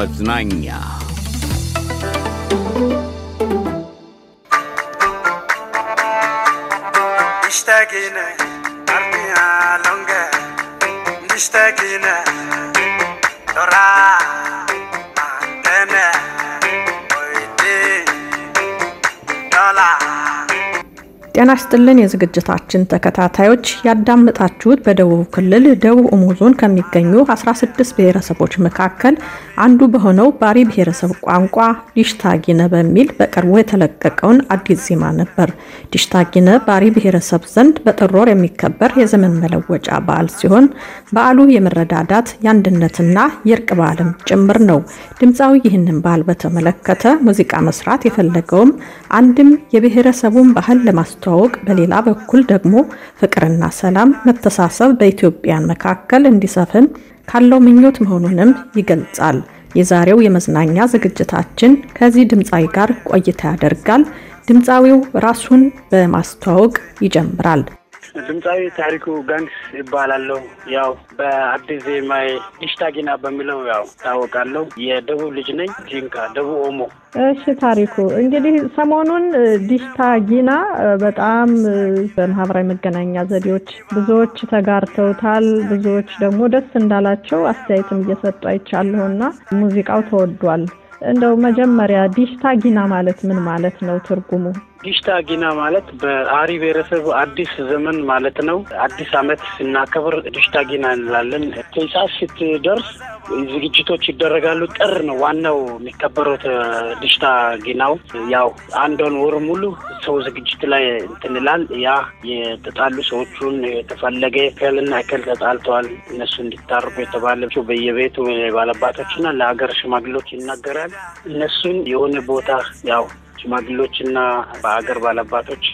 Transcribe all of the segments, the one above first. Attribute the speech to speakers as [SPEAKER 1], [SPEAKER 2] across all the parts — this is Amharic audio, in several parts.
[SPEAKER 1] መዝናኛ
[SPEAKER 2] ጤና ስጥልን የዝግጅታችን ተከታታዮች ያዳምጣችሁት በደቡብ ክልል ደቡብ ኦሞ ዞን ከሚገኙ 16 ብሔረሰቦች መካከል አንዱ በሆነው ባሪ ብሔረሰብ ቋንቋ ዲሽታጊነ በሚል በቅርቡ የተለቀቀውን አዲስ ዜማ ነበር። ዲሽታጊነ ባሪ ብሔረሰብ ዘንድ በጥር ወር የሚከበር የዘመን መለወጫ በዓል ሲሆን በዓሉ የመረዳዳት የአንድነትና የእርቅ በዓልም ጭምር ነው። ድምፃዊ ይህንን በዓል በተመለከተ ሙዚቃ መስራት የፈለገውም አንድም የብሔረሰቡን ባህል ለማስተዋወቅ፣ በሌላ በኩል ደግሞ ፍቅርና ሰላም፣ መተሳሰብ በኢትዮጵያን መካከል እንዲሰፍን ካለው ምኞት መሆኑንም ይገልጻል። የዛሬው የመዝናኛ ዝግጅታችን ከዚህ ድምፃዊ ጋር ቆይታ ያደርጋል። ድምፃዊው ራሱን በማስተዋወቅ ይጀምራል።
[SPEAKER 1] ድምፃዊ ታሪኩ ጋንግስ ይባላለሁ። ያው በአዲስ ዜማይ ዲሽታጊና በሚለው ያው ታወቃለሁ። የደቡብ ልጅ ነኝ። ጂንካ ደቡብ ኦሞ።
[SPEAKER 2] እሺ ታሪኩ እንግዲህ ሰሞኑን ጊና በጣም በማህበራዊ መገናኛ ዘዴዎች ብዙዎች ተጋርተውታል። ብዙዎች ደግሞ ደስ እንዳላቸው አስተያየትም እየሰጡ አይቻለሁና ሙዚቃው ተወዷል። እንደው መጀመሪያ ጊና ማለት ምን ማለት ነው? ትርጉሙ
[SPEAKER 1] ዲሽታ ጊና ማለት በአሪ ብሔረሰብ አዲስ ዘመን ማለት ነው። አዲስ ዓመት ስናከብር ዲሽታ ጊና እንላለን። ቴሳ ስትደርስ ዝግጅቶች ይደረጋሉ። ጥር ነው ዋናው የሚከበሩት ዲሽታ ጊናው። ያው አንዷን ወር ሙሉ ሰው ዝግጅት ላይ እንትንላል። ያ የተጣሉ ሰዎቹን የተፈለገ ከልና ከል ተጣልተዋል እነሱ እንዲታርቁ የተባለ በየቤቱ ባለአባቶችና ለሀገር ሽማግሎች ይናገራል። እነሱን የሆነ ቦታ ያው ሽማግሌዎችና በአገር ባለአባቶች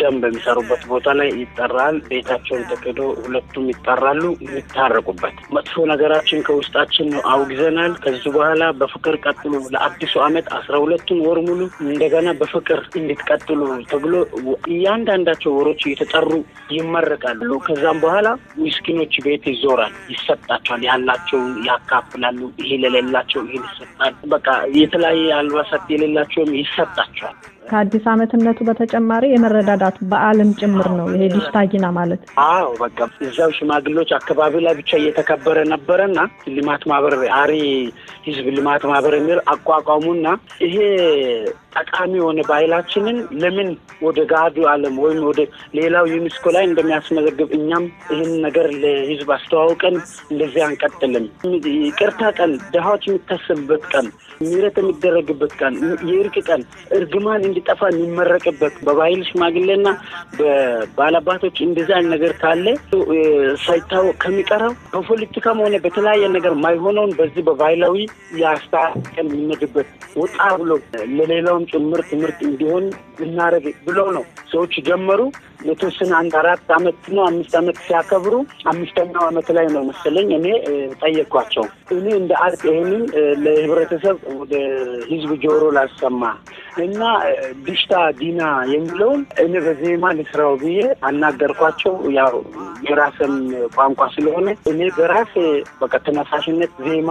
[SPEAKER 1] ደም በሚሰሩበት ቦታ ላይ ይጠራል። ቤታቸውን ተክዶ ሁለቱም ይጠራሉ የሚታረቁበት መጥፎ ነገራችን ከውስጣችን አውግዘናል። ከዚ በኋላ በፍቅር ቀጥሉ ለአዲሱ ዓመት አስራ ሁለቱን ወር ሙሉ እንደገና በፍቅር እንድትቀጥሉ ተብሎ እያንዳንዳቸው ወሮች እየተጠሩ ይመረቃሉ። ከዛም በኋላ ምስኪኖች ቤት ይዞራል፣ ይሰጣቸዋል፣ ያላቸውን ያካፍላሉ። ይሄ ለሌላቸው ይሄ ይሰጣል። በቃ የተለያየ አልባሳት የሌላቸውም ይሰጣቸዋል።
[SPEAKER 2] ከአዲስ ዓመት በተጨማሪ የመረዳዳቱ በዓልም ጭምር ነው ይሄ ዲሽታጊና ማለት።
[SPEAKER 1] አዎ በቃ እዚያው ሽማግሎች አካባቢ ላይ ብቻ እየተከበረ ነበረና ልማት ማህበር አሪ ህዝብ ልማት ማህበር የሚል አቋቋሙና ይሄ ጠቃሚ የሆነ ባህላችንን ለምን ወደ ጋዱ ዓለም ወይም ወደ ሌላው ዩኒስኮ ላይ እንደሚያስመዘግብ እኛም ይህን ነገር ለህዝብ አስተዋውቀን እንደዚህ አንቀጥልም። ይቅርታ ቀን፣ ድሃዎች የሚታሰብበት ቀን፣ ምህረት የሚደረግበት ቀን፣ የእርቅ ቀን፣ እርግማን እንዲጠፋ የሚመረቅበት በባህል ሽማግሌና በባላባቶች እንደዚህ አይነት ነገር ካለ ሳይታወቅ ከሚቀረው በፖለቲካም ሆነ በተለያየ ነገር ማይሆነውን በዚህ በባህላዊ የአስተዋቀን የሚነግበት ወጣ ብሎ ለሌላው ጭምር ትምህርት እንዲሆን እናደረግ ብለው ነው ሰዎች ጀመሩ። የተወሰነ አንድ አራት አመት ነው አምስት አመት ሲያከብሩ አምስተኛው አመት ላይ ነው መሰለኝ እኔ ጠየኳቸው። እኔ እንደ አርት ይህንን ለህብረተሰብ ወደ ህዝብ ጆሮ ላሰማ እና ድሽታ ዲና የሚለውን እኔ በዜማ ልስራው ብዬ አናገርኳቸው። ያው የራስን ቋንቋ ስለሆነ እኔ በራሴ በቃ ተነሳሽነት ዜማ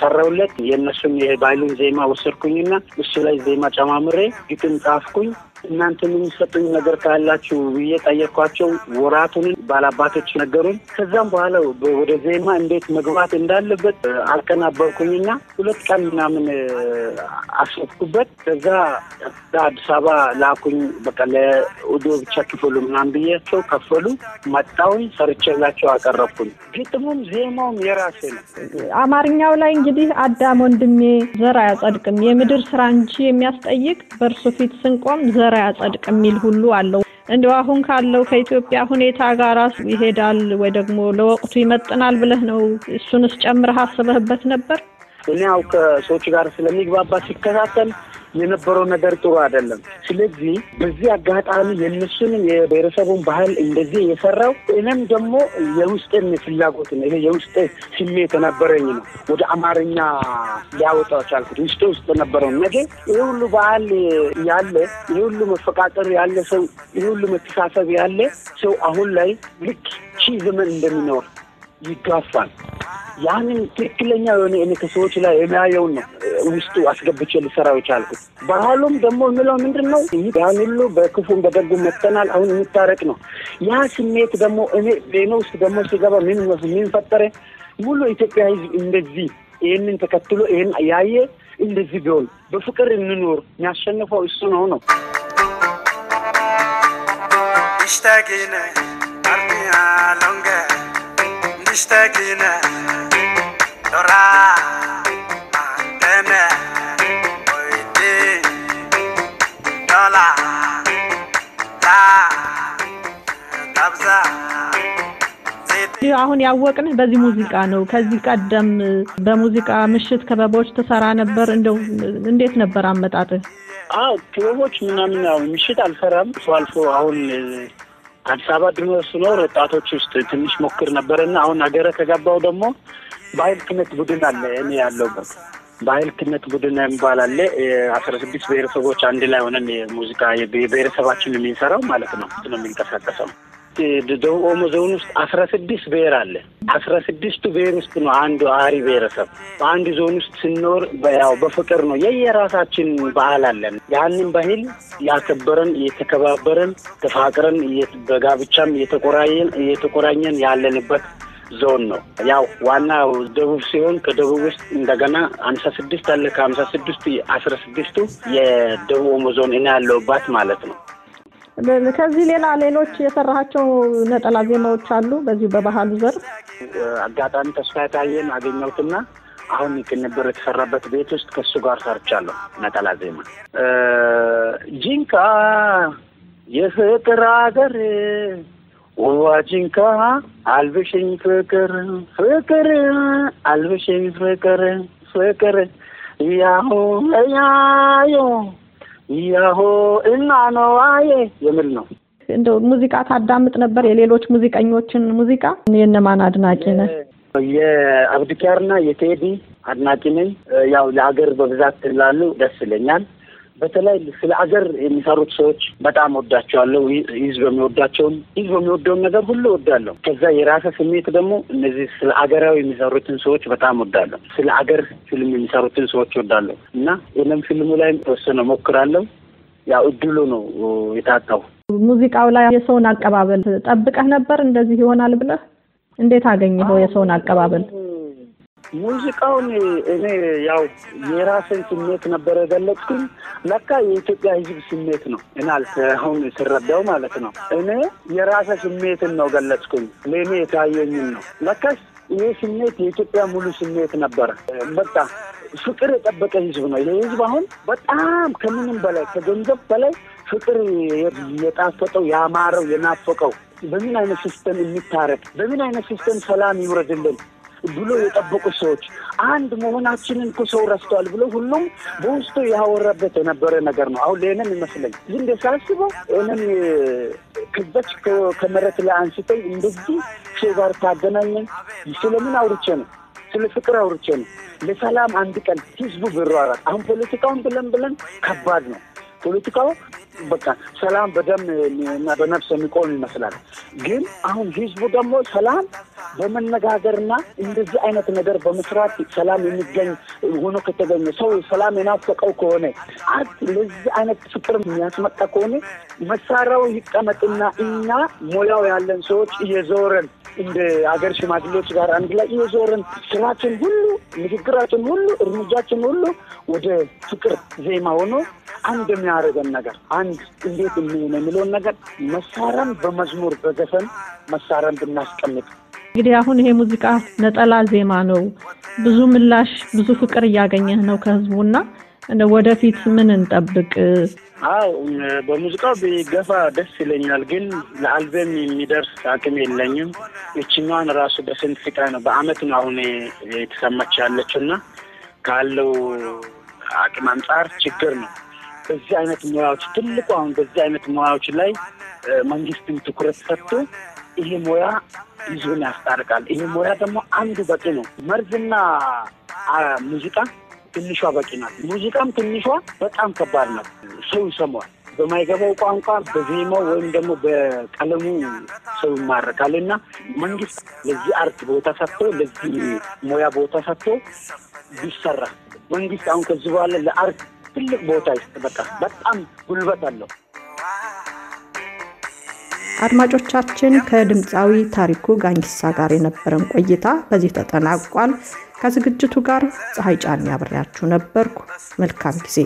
[SPEAKER 1] ሰራውለት። የእነሱን የባይሉን ዜማ ወሰድኩኝና እሱ ላይ ዜማ ጨማምሬ ግጥም ጻፍኩኝ። እናንተ የሚሰጡኝ ነገር ካላችሁ ብዬ ጠየኳቸው። ወራቱን ባላባቶች ነገሩን። ከዛም በኋላ ወደ ዜማ እንዴት መግባት እንዳለበት አልቀናበርኩኝና ሁለት ቀን ምናምን አስወጥኩበት። ከዛ አዲስ አበባ ላኩኝ። በቃ ለኡዶ ብቻ ክፈሉ ምናምን ብያቸው ከፈሉ። መጣውኝ ሰርቼላቸው አቀረብኩኝ። ግጥሙም ዜማውም የራሴ ነው።
[SPEAKER 2] አማርኛው ላይ እንግዲህ አዳም ወንድሜ ዘር አያጸድቅም የምድር ስራ እንጂ የሚያስጠይቅ በእርሱ ፊት ስንቆም ዘር አያጸድቅ የሚል ሁሉ አለው። እንዲሁ አሁን ካለው ከኢትዮጵያ ሁኔታ ጋር ይሄዳል ወይ ደግሞ ለወቅቱ ይመጥናል ብለህ ነው እሱንስ ጨምረህ አስበህበት ነበር?
[SPEAKER 1] እኔ ያው ከሰዎች ጋር ስለሚግባባ ሲከታተል የነበረው ነገር ጥሩ አይደለም። ስለዚህ በዚህ አጋጣሚ የእነሱን የብሔረሰቡን ባህል እንደዚህ የሰራው እኔም ደግሞ የውስጤን ፍላጎት ነው ይሄ የውስጥ ስሜት የነበረኝ ነው ወደ አማርኛ ሊያወጣው ቻልኩት። ውስጥ ውስጥ ነበረው ነገ ይህ ሁሉ ባህል ያለ ይህ ሁሉ መፈቃቀር ያለ ሰው ይህ ሁሉ መተሳሰብ ያለ ሰው አሁን ላይ ልክ ሺህ ዘመን እንደሚኖር ይጋፋል። ያንን ትክክለኛ የሆነ እኔ ከሰዎች ላይ የሚያየውን ነው ውስጡ አስገብቼ ልሰራው የቻልኩት። ባህሉም ደግሞ የምለው ምንድን ነው፣ ያን ሁሉ በክፉን በደጉ መተናል፣ አሁን የሚታረቅ ነው። ያ ስሜት ደግሞ እኔ ውስጥ ደግሞ ሲገባ ምን ምን ፈጠረ? ሙሉ ኢትዮጵያ ሕዝብ እንደዚህ ይህንን ተከትሎ ይህን ያየ እንደዚህ ቢሆን በፍቅር እንኖር፣ የሚያሸንፈው እሱ ነው ነው ምሽተግነ ጦራ አንተነ ወይድ ዶላ ላ
[SPEAKER 2] ጋብዛ አሁን ያወቅንህ በዚህ ሙዚቃ ነው። ከዚህ ቀደም በሙዚቃ ምሽት ክበቦች ትሰራ ነበር። እንደው እንዴት ነበር አመጣጥህ?
[SPEAKER 1] አዎ ክበቦች ምናምን ያው ምሽት አልሰራም። አልፎ አልፎ አሁን አዲስ አበባ ድኖር ኖር ወጣቶች ውስጥ ትንሽ ሞክር ነበረና አሁን ሀገረ ከገባው ደግሞ ባህል ክነት ቡድን አለ። እኔ ያለሁበት ባህል ክነት ቡድን የሚባል አለ። አስራ ስድስት ብሔረሰቦች አንድ ላይ ሆነን ሙዚቃ የብሔረሰባችን የሚንሰራው ማለት ነው ነው የሚንቀሳቀሰው ደቡብ ኦሞ ዞን ውስጥ አስራ ስድስት ብሔር አለ። አስራ ስድስቱ ብሔር ውስጥ ነው አንዱ አሪ ብሔረሰብ። በአንድ ዞን ውስጥ ስንኖር ያው በፍቅር ነው። የየራሳችን በዓል አለን። ያንን ባህል ያከበረን እየተከባበረን ተፋቅረን በጋብቻም እየተቆራኘን ያለንበት ዞን ነው። ያው ዋና ደቡብ ሲሆን ከደቡብ ውስጥ እንደገና አምሳ ስድስት አለ። ከአምሳ ስድስቱ አስራ ስድስቱ የደቡብ ኦሞ ዞን እኔ ያለሁባት ማለት ነው።
[SPEAKER 2] ከዚህ ሌላ ሌሎች የሰራሃቸው ነጠላ ዜማዎች አሉ በዚሁ በባህሉ ዘርፍ?
[SPEAKER 1] አጋጣሚ ተስፋ የታየን አገኘሁትና አሁን ቅንብር የተሰራበት ቤት ውስጥ ከሱ ጋር ሰርቻለሁ ነጠላ ዜማ ጂንካ የፍቅር ሀገር ውዋ ጂንካ አልብሽኝ ፍቅር ፍቅር አልብሽኝ ፍቅር ፍቅር ያሁ ያዩ ያሆ እና ነዋዬ የሚል ነው።
[SPEAKER 2] እንደው ሙዚቃ ታዳምጥ ነበር? የሌሎች ሙዚቀኞችን ሙዚቃ የእነማን አድናቂ ነህ?
[SPEAKER 1] የአብዱኪያርና የቴዲ አድናቂ ነኝ። ያው ለሀገር በብዛት ላሉ ደስ ይለኛል። በተለይ ስለ አገር የሚሰሩት ሰዎች በጣም ወዳቸዋለሁ። ህዝብ የሚወዳቸውን ህዝብ በሚወደውን ነገር ሁሉ ወዳለሁ። ከዛ የራሰ ስሜት ደግሞ እነዚህ ስለ አገራዊ የሚሰሩትን ሰዎች በጣም ወዳለሁ። ስለ አገር ፊልም የሚሰሩትን ሰዎች ወዳለሁ እና ይህንም ፊልሙ ላይ ተወሰነ ሞክራለሁ። ያው እድሉ ነው የታጣው።
[SPEAKER 2] ሙዚቃው ላይ የሰውን አቀባበል ጠብቀህ ነበር እንደዚህ ይሆናል ብለህ እንዴት አገኘኸው? የሰውን አቀባበል
[SPEAKER 1] ሙዚቃውን እኔ ያው የራስን ስሜት ነበር የገለጽኩኝ። ለካ የኢትዮጵያ ሕዝብ ስሜት ነው እናልክ አሁን ስረዳው ማለት ነው። እኔ የራሰ ስሜትን ነው ገለጽኩኝ፣ ለእኔ የታየኝን ነው። ለካስ ይህ ስሜት የኢትዮጵያ ሙሉ ስሜት ነበረ። በቃ ፍቅር የጠበቀ ሕዝብ ነው። ይህ ሕዝብ አሁን በጣም ከምንም በላይ ከገንዘብ በላይ ፍቅር የጣፈጠው ያማረው የናፈቀው በምን አይነት ሲስተም የሚታረቅ በምን አይነት ሲስተም ሰላም ይውረድልን ብሎ የጠበቁ ሰዎች አንድ መሆናችንን እኮ ሰው ረስተዋል ብሎ ሁሉም በውስጡ ያወራበት የነበረ ነገር ነው። አሁን ይህንን ይመስለኝ ግን እንደሳስበው ይህንን ክበች ከመሬት ላይ አንስተኝ እንደዚህ ሰው ጋር ታገናኘን ስለምን አውርቼ ነው ስለ ፍቅር አውርቼ ነው ለሰላም አንድ ቀን ህዝቡ ብሯራል። አሁን ፖለቲካውን ብለን ብለን ከባድ ነው ፖለቲካው በቃ ሰላም በደም እና በነፍስ የሚቆም ይመስላል። ግን አሁን ህዝቡ ደግሞ ሰላም በመነጋገርና እንደዚህ አይነት ነገር በመስራት ሰላም የሚገኝ ሆኖ ከተገኘ ሰው ሰላም የናፈቀው ከሆነ አት ለዚህ አይነት ፍቅር የሚያስመጣ ከሆነ መሳሪያው ይቀመጥና እኛ ሙያው ያለን ሰዎች እየዞረን እንደ ሀገር ሽማግሌዎች ጋር አንድ ላይ እየዞርን ስራችን ሁሉ፣ ንግግራችን ሁሉ፣ እርምጃችን ሁሉ ወደ ፍቅር ዜማ ሆኖ አንድ የሚያደርገን ነገር አንድ እንዴት የሚሆነ የሚለውን ነገር መሳሪያን በመዝሙር በዘፈን መሳሪያን ብናስቀምጥ
[SPEAKER 2] እንግዲህ አሁን ይሄ ሙዚቃ ነጠላ ዜማ ነው። ብዙ ምላሽ ብዙ ፍቅር እያገኘህ ነው ከህዝቡና ወደፊት ምን እንጠብቅ?
[SPEAKER 1] አው በሙዚቃው ገፋ ደስ ይለኛል፣ ግን ለአልበም የሚደርስ አቅም የለኝም። እችኛዋን ራሱ በስንት ፍቃ ነው በአመት ነው አሁን የተሰማች ያለችው እና ካለው አቅም አንጻር ችግር ነው። በዚህ አይነት ሙያዎች ትልቁ አሁን በዚህ አይነት ሙያዎች ላይ መንግስትም ትኩረት ሰጥቶ ይሄ ሙያ ህዝብን ያስታርቃል። ይሄ ሙያ ደግሞ አንዱ በቂ ነው። መርዝና ሙዚቃ ትንሿ በቂ ናት። ሙዚቃም ትንሿ በጣም ከባድ ናት። ሰው ይሰማዋል። በማይገባው ቋንቋ በዜማው ወይም ደግሞ በቀለሙ ሰው ይማረካል እና መንግስት ለዚህ አርት ቦታ ሰጥቶ ለዚህ ሙያ ቦታ ሰጥቶ ቢሰራ መንግስት አሁን ከዚህ በኋላ ለአርት ትልቅ ቦታ ይስጥ። በቃ በጣም ጉልበት አለው።
[SPEAKER 2] አድማጮቻችን ከድምፃዊ ታሪኩ ጋንጊሳ ጋር የነበረን ቆይታ በዚህ ተጠናቋል። ከዝግጅቱ ጋር ፀሐይ ጫን ያብሬያችሁ ነበርኩ። መልካም ጊዜ